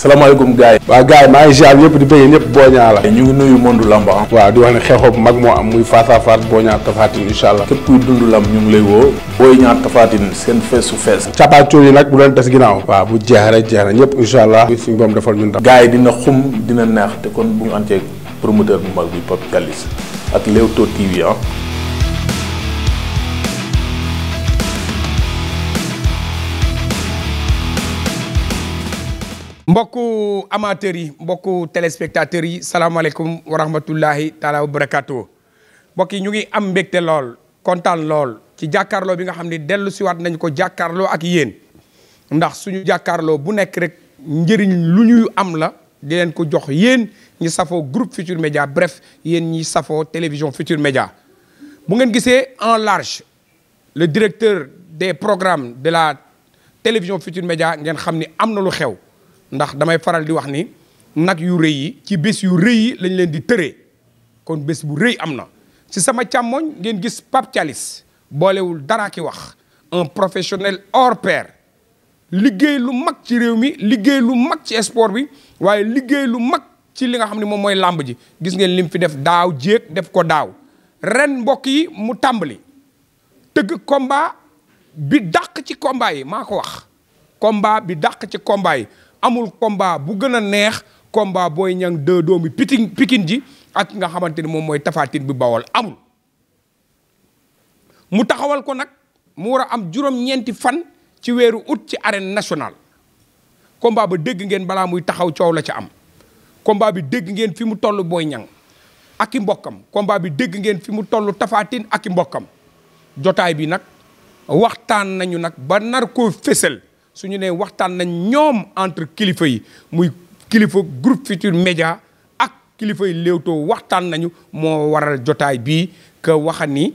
salaamaaleykum gars yi waaw maa ngi ziar ñëpp di bëggee ñëpp Boña la ñu ngi nuyu monde lamb ah waaw di wax ne xeexoo bu mag moo am muy face à face Boña Tapha Tine incha allah képp kuy dund lamb ñu ngi lay woo Boña Tapha Tine seen fees su fees cappaacoo yi nag bu doon des ginnaaw waa bu jeex rek jeex na ñëpp incha allah suñu boom defal ñun tam gars yi dina xum dina neex te kon bu ñu ànd ceeg promoteur bu mag bi Pape Kallis ak Leewtoo TV ah mbokku amateur yi mbokku téléspectateurs yi salaamaaleykum wa rahmatullahi taala wa barakaatu mbokk yi ñu ngi am mbégte lool kontaan lool ci jàkkaarloo bi nga xam ne dellu siwaat nañ ko jàkkaarloo ak yéen ndax suñu jàkkaarloo bu nekk rek njëriñ lu ñuy am la di leen ko jox yéen ñi safoo groupe Futur Média bref yéen ñi safoo télévision Futur Média bu ngeen gisee en large le directeur des programmes de la télévision Futur Média ngeen xam ni am na lu xew ndax damay faral di wax ni nag yu rëy yi ci bés yu rëy yi lañ leen di tëre kon bés bu rëy am na ci sama càmmooñ ngeen gis Pape Thialis boolewul dara ki wax un professionnel hors pair liggéey lu mag ci réew mi liggéey lu mag ci sport bi waaye liggéey lu mag ci li nga xam ne moom mooy làmb ji gis ngeen lim fi def daaw jéeg def ko daaw ren mbokk yi mu tàmbali tëgg komba bi dàq ci combat yi maa ko wax komba bi dàq ci combat yi amul komba bu gën a neex combat Boy Niang 2 doomi Pikin Pikin ji ak nga xamante ni moom mooy Tapha bi Bawol amul mu taxawal ko nag mu war a am juróom-ñeenti fan ci weeru ut ci arène national combat ba dégg ngeen balaa muy taxaw coow la ca am combat bi dégg ngeen fi mu toll booy Niang aki mbokkam combat bi dégg ngeen fi mu toll tafaatin Tine ak i mbokkam jotaay bi nag waxtaan nañu nag ba nar koo fésal suñu nee waxtaan nañ ñoom entre kilifa yi muy kilifa groupe Futurs Médias ak kilifa yi Leewtoo waxtaan nañu moo waral jotaay bii que waxa ni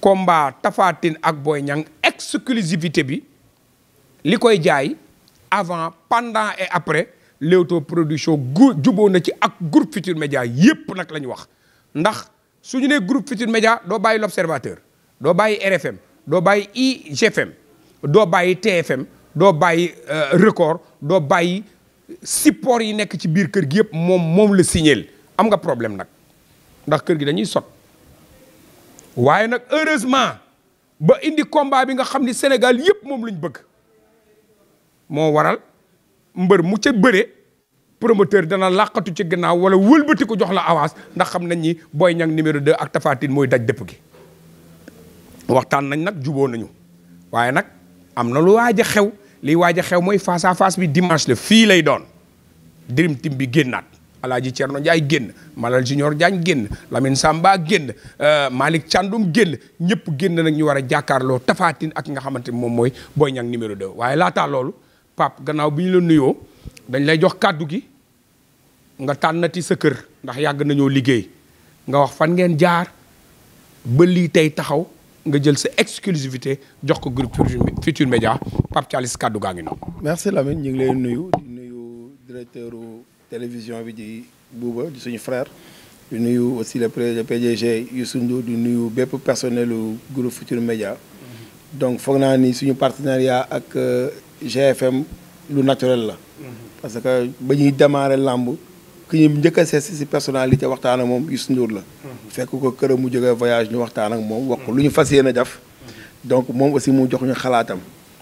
combat Tapha ak Boy Niang exclusivité bi li koy jaay avant pendant et après Leewtoo production gu juboo na ci ak groupe Futurs Médias yépp nag la ñu wax ndax su ñu nee groupe Futurs Médias doo bàyyi l'observateur doo bàyyi RFM doo bàyyi IGFM doo bàyyi TFM doo bàyyi euh, record doo bàyyi support yi nekk ci biir kër gi yëpp moom moom la signeel am nga problème nag ndax kër gi dañuy sot waaye nag heureusement ba indi combat bi nga xam ni Sénégal yëpp moom lañ bëgg moo waral mbër mu ca bëre promoteur dana làqatu ci gannaaw wala wëlbati ko jox la avance ndax xam nañ ni Boy Niang numéro 2 ak Tapha mooy daj dëpp gi waxtaan nañ nag juboo nañu waaye nag am na lu waaj xew liy waaj a xew mooy face à face bi dimanche la fii lay doon Dream Team bi génnaat Alaaji Cerno Njaay génn Malal Junior Jaañ génn Lamine Samba génn euh, Malick Càndum génn ñëpp génn nag ñu war a jàkkaarloo tafaatin ak nga xamante ni moom mooy Boy Niang numéro de waaye laataa loolu Pape gannaaw bi ñu la nuyoo dañ lay jox kàddu gi nga tànnati sa kër ndax yàgg nañoo liggéey nga wax fan ngeen jaar ba lii tey taxaw nga jël sa exclusivité jox ko groupe Futur Média Pape Thialis kàddu gaa ngi noonu. merci Lamine ñu ngi lay nuyu di nuyu directeur télévision bi di Bouba di suñu frère. di nuyu aussi le PDG Youssou Ndour di nuyu bépp personnel groupe Futur Média. donc foog naa ni suñu partenariat ak euh, GFM lu naturel la. Mm-hmm. parce que ba ñuy démarrer làmb. ki ñu njëkk a seet si personnalité waxtaan ak moom Youssou Ndour la. fekk ko a mu jógee voyage ñu waxtaan ak moom. wax ko lu ñu fas yéene def. donc moom aussi mu jox ñu xalaatam.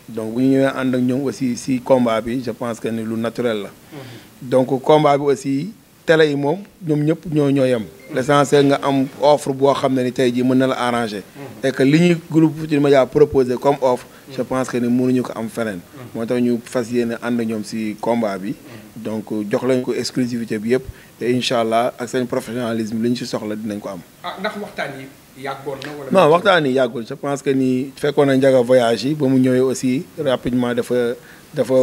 donc bu ñu ñëwee ànd ak ñoom aussi si combat bi je pense que ni lu naturel la. donc combat bi aussi télé yi moom ñëpp ñoo ñoo yem. l'essentiel nga am offre boo xam ne ni tey jii mën na la arranger. et li ñuy groupe Futurs Médias proposé comme offre. je pense que ni ne ñu ko am feneen. Mm. moo tax ñu fas yéene ànd ñoom si combat bi. Mm. donc jox lañ ko exclusivité bi yëpp te incha allah ak seen professionnalisme li ñu si soxla dinañ ko am. ah ndax waxtaan yi yàggoon na wala. non waxtaan yi yàggul je pense que nii fekkoon na njaga voyage yi ba mu ñëwee aussi rapidement dafa dafa.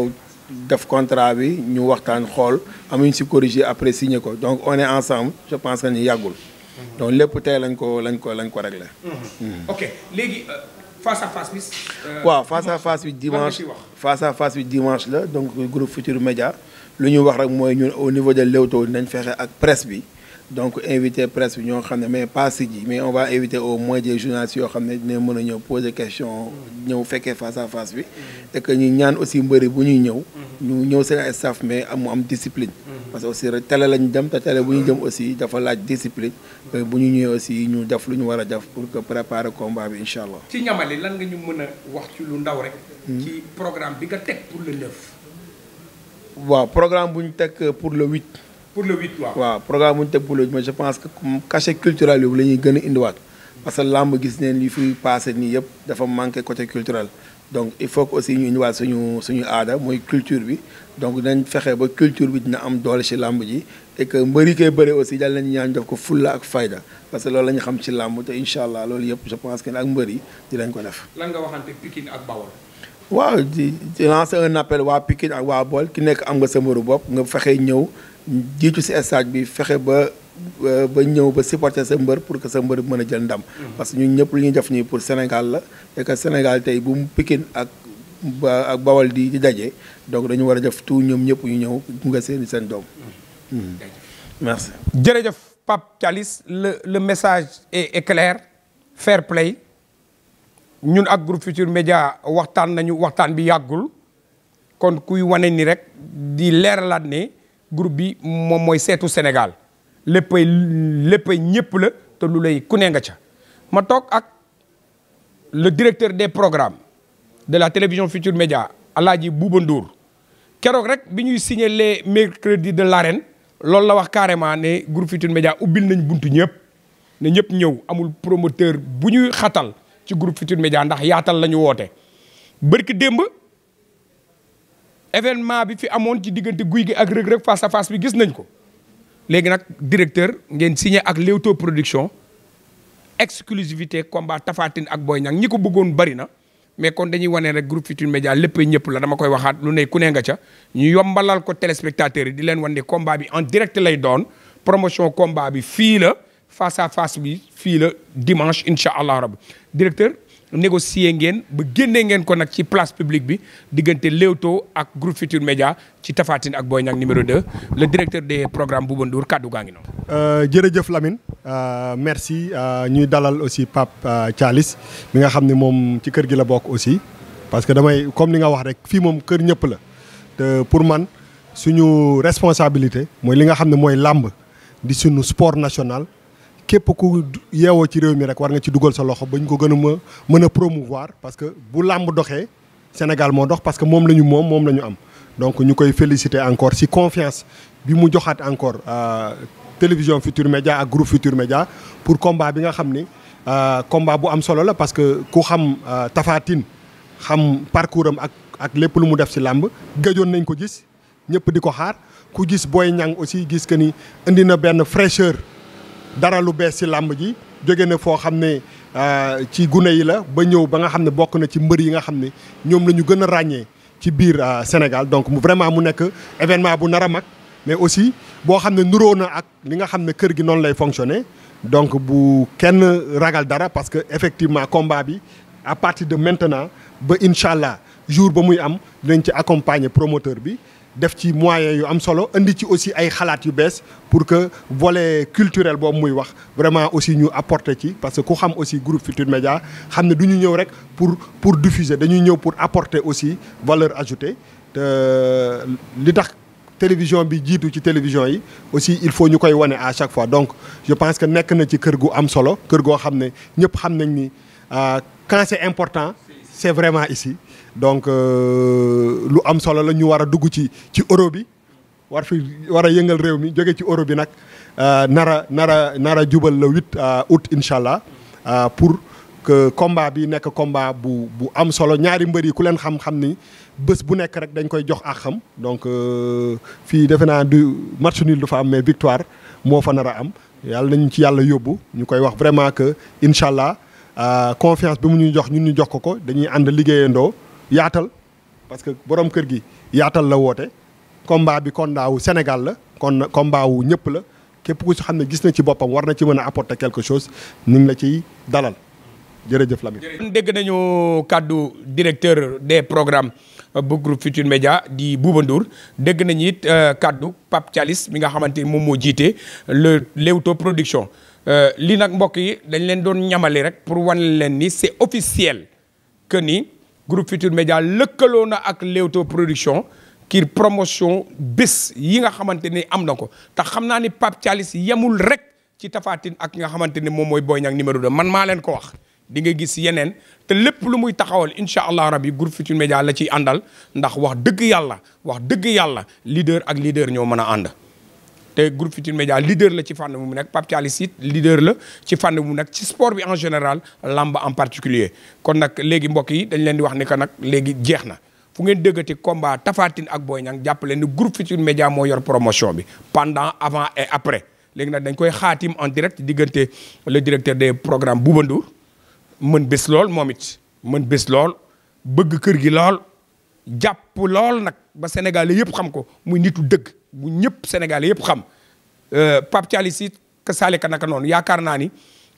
def contrat bi ñu waxtaan xool amuñ si corrigé après signé ko donc on est ensemble je pense que ñu yàggul. Mm-hmm. donc lépp tey lañ ko lañ ko lañ ko réglé. Mm-hmm. Mm. ok euh, face à face bi. Euh, waaw face à face bi dimanche face à face bi dimanche la donc groupe Futurs Médias lu ñuy wax rek mooy ñu au niveau de Leewtoo dinañ fexe ak presse bi. donc invité presse bi ñoo xam ne mais pas ji mais on va inviter au moins des yoo xam ne dina mën a ñëw poser question ñëw fekkee face à face bi mm-hmm. et que ñu ñaan aussi mbëri bu ñuy ñëw mm-hmm. ñu ñëw seen ay staff mais mu am discipline mm-hmm. parce que aussi télé lañu dem te télé bu ñu dem aussi dafa laaj discipline bu ñu ñëwee aussi ñu def lu ñu war a def pour que préparer combat bi incha allah ci ñamali lan nga ñu mën a wax ci lu ndaw rek ci programme bi nga teg pour programme bu ñu teg pour le huit pour le huit waaw programme bu ñu teg pour pense que comme cachet a que làmb gis neen li fi passé nii yëpp dafa manqué côté culturel donc il faut ñu suñu suñu mooy culture bi donc dañ fexe ba culture bi dina am doole ci làmb ji et que mbëri koy bëre aussi daal lañu ñaan def ko fulla ak fayda parce que loolu la ñu xam ci làmb te loolu yëpp je pense que ak mbër yi lan nga waxante Pikine ak Bawol. waaw di lancer appel waa Pikine ak waa Bawol ki nekk am nga sa mbëru bopp nga fexe ñëw. jiitu si stade bi fexe ba euh, ba ñëw ba supporter sa mbër pour que sa mbër mën a jël ndam. Mm-hmm. parce que ñun ñëpp lu ñuy def nii pour Sénégal la et Sénégal tey bu mu pikin ak ba ak di di daje donc dañu war a def tout ñoom ñëpp ñu ñëw nga seen seen doom. Mm-hmm. Mm-hmm. merci. jërëjëf Pape calis la le message est clair fair play ñun ak groupe Futur Média waxtaan nañu waxtaan bi yàggul kon kuy wane ni rek di leeralaat ni groupe bi moom mooy seetu Sénégal léppay léppay ñëpp la te lu lay ku nga ca ma toog ak le directeur des programme de la télévision Futur Média Alaaji Bouba Ndour keroog rek bi ñuy signé les mercredis de l'arène loolu la wax carrément ne groupe Futur Média ubbil nañ buntu ñëpp na ñëpp ñëw amul promoteur bu ñuy xatal ci groupe future Média ndax yaatal la ñu woote bërki démb événement bi fi amoon ci diggante guy gi ak rëg-rëg face à face bi gis nañ ko léegi nag directeur ngeen signé ak Leewtoo production exclusivité combat Tapha ak booy Niang ñi ko buggoon bari na mais kon dañuy wane rek groupe Futurs Médias léppay ñëpp la dama koy waxaat lu ne kunee nga ca ñu yombalal ko téléspectateurs yi di leen wan ne bi en direct lay doon promotion komba bi fii la face à face bi fii la dimanche incha allah rabbi directeur négocier ngeen ba génnee ngeen ko nag ci place publique bi diggante Leewtoo ak groupe Futur Média ci Tapha Tine ak Boy Niang numéro 2 le directeur des programmes Bouba Ndour kàddu gaa ngi noonu. Euh, jërëjëf Lamine euh, merci euh, ñuy dalal aussi Pape Thialis mi nga xam ne moom ci kër gi la bokk aussi parce que damay comme li nga wax rek fii moom kër ñëpp la pour man suñu responsabilité mooy li nga xam ne mooy làmb di suñu sport national. képp ku yeewoo ci réew mi rek war nga ci dugal sa loxo ba ñu ko gën a ma mën a promouvoir parce que bu làmb doxee Sénégal moo dox parce que moom la ñu moom moom lañu am donc ñu koy félicité encore si confiance bi mu joxaat encore euh, télévision Futur Média ak groupe Futur Média pour combat bi nga xam ni euh, combat bu am solo la parce que ku xam euh, Tapha Tine xam parcours am ak ak lépp lu mu def si làmb gëjoon nañ ko gis ñëpp di ko xaar ku gis booy Niang aussi gis que ni indi na benn fraîcheur dara lu bees ci làmb ji jóge na foo xam ne euh, ci gune yi la ba ñëw ba nga xam ne bokk na ci mbër yi nga xam ne ñoom la ñu gën a ràññee ci biir euh, Sénégal donc mu vraiment mu nekk événement bu nar a mag mais aussi boo xam ne nuroo na ak li nga xam ne kër gi noonu lay fonctionner donc bu kenn ragal dara parce que effectivement combat bi à partir de maintenant ba incha allah jour ba muy am dinañ ci accompagner promoteur bi def ci moyens yu am solo indi ci aussi ay xalaat yu bees pour que volet culturel boobu muy wax vraiment aussi ñu apporter ci parce que ku xam aussi groupe Futurs média xam ne du ñu ñëw rek pour pour diffuser dañuy ñëw pour apporter aussi valeur ajoutée te li tax télévision bi jiitu ci télévision yi aussi il faut ñu koy wane à chaque fois donc je pense que nekk na ci kër gu am solo kër goo xam ne ñëpp xam nañ ni euh, quand c'est important c'est vraiment ici donc euh, lu am solo la ñu war a dugg ci ci euro bi war fi war a yëngal réew mi jóge ci euro bi nag euh, nara nara nara jubal le 8 euh, août incha allah pour que combat bi nekk combat bu bu am solo ñaari mbër yi ku leen xam-xam ni bés bu nekk rek dañ koy jox ak xam donc fii defe naa du match nul du fa am mais victoire moo fa nar a am yàlla nañ ci yàlla yóbbu ñu koy wax vraiment que incha allah confiance bi mu ñu jox ñun ñu jox ko ko dañuy ànd liggéeyandoo. yaatal parce que borom kër gi yaatal la woote combat bi combat Sénégal la kon combat wu ñëpp la képp ku xam ne gis na ci boppam war na ci mën a apporter quelque chose ñu ngi la ciy dalal jërëjëf Lamine. jërëjëf dégg nañu kàddu directeur des programmes bu groupe Futur Média di Bouba dégg nañu it euh, kàddu Pape Thialis mi nga xamante ni moom moo jiite le Leewtoo production euh, lii nag mbokk yi dañ leen doon ñamali rek pour wan leen ni c'est officiel que nii groupe Futur Média lëkkaloo na ak Leewtoo production kir promotion bés yi nga xamante ne am na ko te xam naa ni Pape Thialis yemul rek ci tafaatin ak nga xamante ne moom mooy Boy Niang numéro de man maa leen ko wax. di nga gis yeneen te lépp lu muy taxawal incha allah rabi groupe Futur Média la ciy àndal ndax wax dëgg yàlla wax dëgg yàlla leader ak leader ñoo mën a ànd. te groupe Futurs Médias leader la ci fànn bu nag nekk Pape Thialis it leader la ci fànn bu mu nekk ci sport bi en général làmb en particulier kon nag léegi mbokk yi dañ leen di wax ni que nag léegi jeex na fu ngeen dëggati combat tafaatin ak Boy Niang jàppale ni groupe Futurs Médias moo yor promotion bi pendant avant et après léegi nag dañ koy xaatim en direct diggante le directeur des programmes Bouba Ndour mën bés lool moom it mën bés lool bëgg kër gi lool jàpp lool nag ba Sénégalais yëpp xam ko muy nitu dëgg bu ñëpp Sénégal yëpp xam euh, Pape Thialy si ka saale ka naka noonu yaakaar naa ni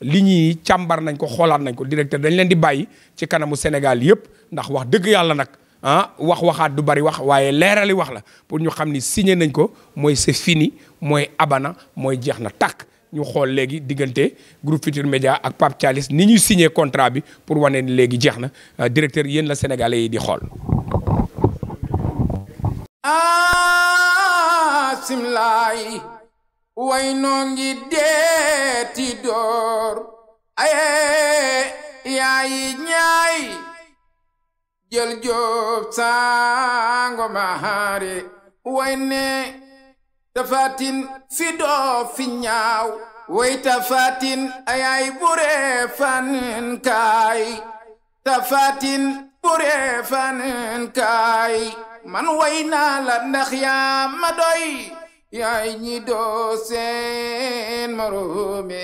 li ñuy càmbar nañ ko xoolaat nañ ko directeur dañ leen di bàyyi ci kanamu Sénégal yëpp ndax wax dëgg yàlla nag ah wax waxaat du bari wax waaye leerali wax la pour ñu xam ni signe nañ ko mooy c'est fini mooy abana mooy jeex na tàkk ñu xool léegi diggante groupe Futur Média ak Pape Thialis ni ñuy signe contrat bi pour wane léegi jeex na euh, directeur yéen la sénégalais yi di xool. Ah! xaasim way noo ngi deeti door aye yaayi jël joob saango mahaare way ne tafaatin fi doo fi ñaaw way tafaatin ayaay buree fanin kaay tafaatin buree fanin kaay man way naa la ndax yaa ma doy yaay ñi doo seen moroome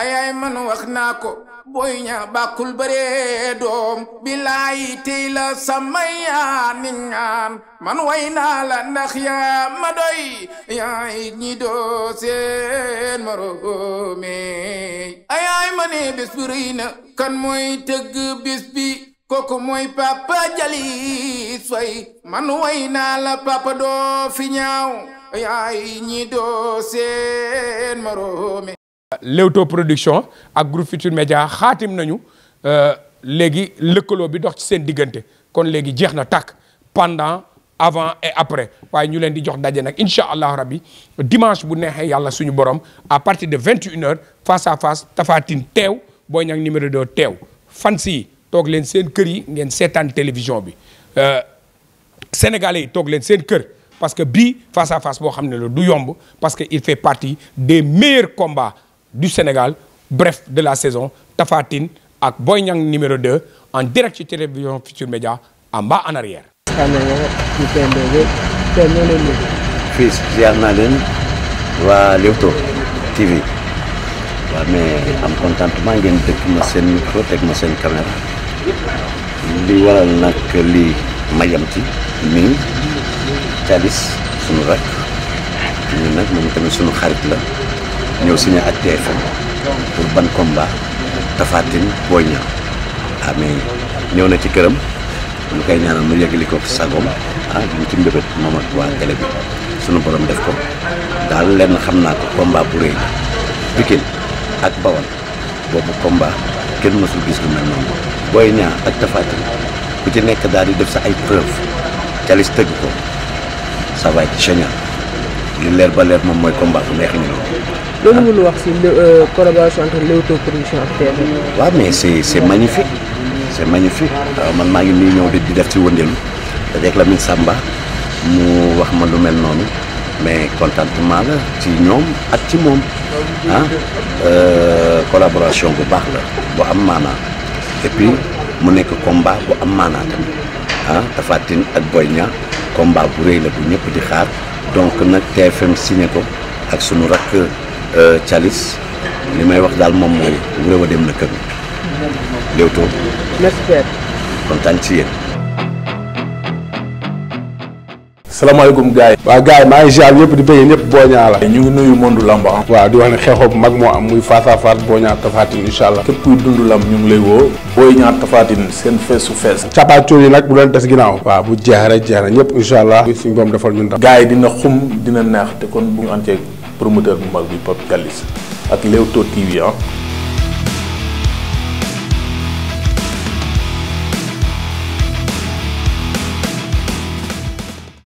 ayaay man wax naa ko booy ñaa bàkkul bëree doom bilaay tey la sama yaa ni ñaan man way naa la ndax yaa ma doy yaay ñi doo seen ma ne bis bi rëy na kan mooy tëgg bis bi kooku mooy papa jali soy man way naa la papa doo fi ñaaw yaay ñi doo seen maroome Leewtoo production ak groupe Futur Média xaatim nañu euh, léegi lëkkaloo bi dox ci seen diggante kon léegi jeex na takk pendant avant et après waaye ñu leen di jox daje nag incha allah rabbi dimanche bu neexee yàlla suñu borom à partir de vingt et une heures face à face Tapha teew Boy Niang numéro 2 teew fan toog leen seen kër yi ngeen seetaan télévision bi euh, sénégalais yi toog leen seen kër parce que bii face à face boo xam ne la du yomb parce que il fait partie des meilleurs combats du Sénégal bref de la saison Tapha ak Boy Niang numéro 2 en direct ci télévision Futur Média en bas en arrière. fii ziar naa leen waa Leewtoo TV waaw mais am contentement ngeen dëkk ma seen micro teg ma seen caméra. li waral nag lii mayam ci mii sunu suñu rakk ñu nag moom tamit suñu xarit la ñëw signé ak TFM pour ban komba Tapha Tine Boy Niang amee ah, ñëw na ci këram lu koy ñaanal mu yëgli ko sagom ah duñ ci mbébét moom ak waa télé bi suñu borom def ko daal lenn xam naa ko combat bu rëy la ak Bawol boobu combat kenn mësul gis lu mel noonu Boy Niang ak Tapha bu ku ci nekk daal di def sa ay preuve calis ko ça va être leer ba leer moom mooy combat bu neex ñu loolu mënu wax si euh, collaboration entre Leewtoo production ak TFM. waaw mais c'est c'est magnifique c'est magnifique man maa ngi nii ñëw di def ci wëndeelu dajeeg Lamine Samba mu wax ma lu mel noonu mais contentement la ci ñoom ak ci moom ah, euh, collaboration bu baax la bu am maanaa et mu nekk combat bu am maanaa tamit ah Tapha ak Boy Niang combat bu rëy la bu ñëpp di xaar donc nag TFM signé ko ak sunu rakk euh, Thialis li may wax daal moom mooy wuré a dem na kër Leewtoo merci kontaan ci yéen salaamaaleykum gars yi waaw gars yi maa ngi ziar ñëpp di bëggee ñëpp Boña la ñu ngi nuyu monde lamb ah waaw di wax ne xeexoo bu mag moo am muy face à face Boña Tapha Tine incha allah képp kuy dund lamb ñu ngi lay woo Boña Tapha Tine seen fees su fees cappaacoo yi nag bu leen des ginnaaw waa bu jeex rek jeex na ñëpp incha allah suñu boom defal ñun tam gars yi dina xum dina neex te kon bu ñu ànd ceeg promoteur bu mag bi Pape Gallis ak Leewtoo TV ah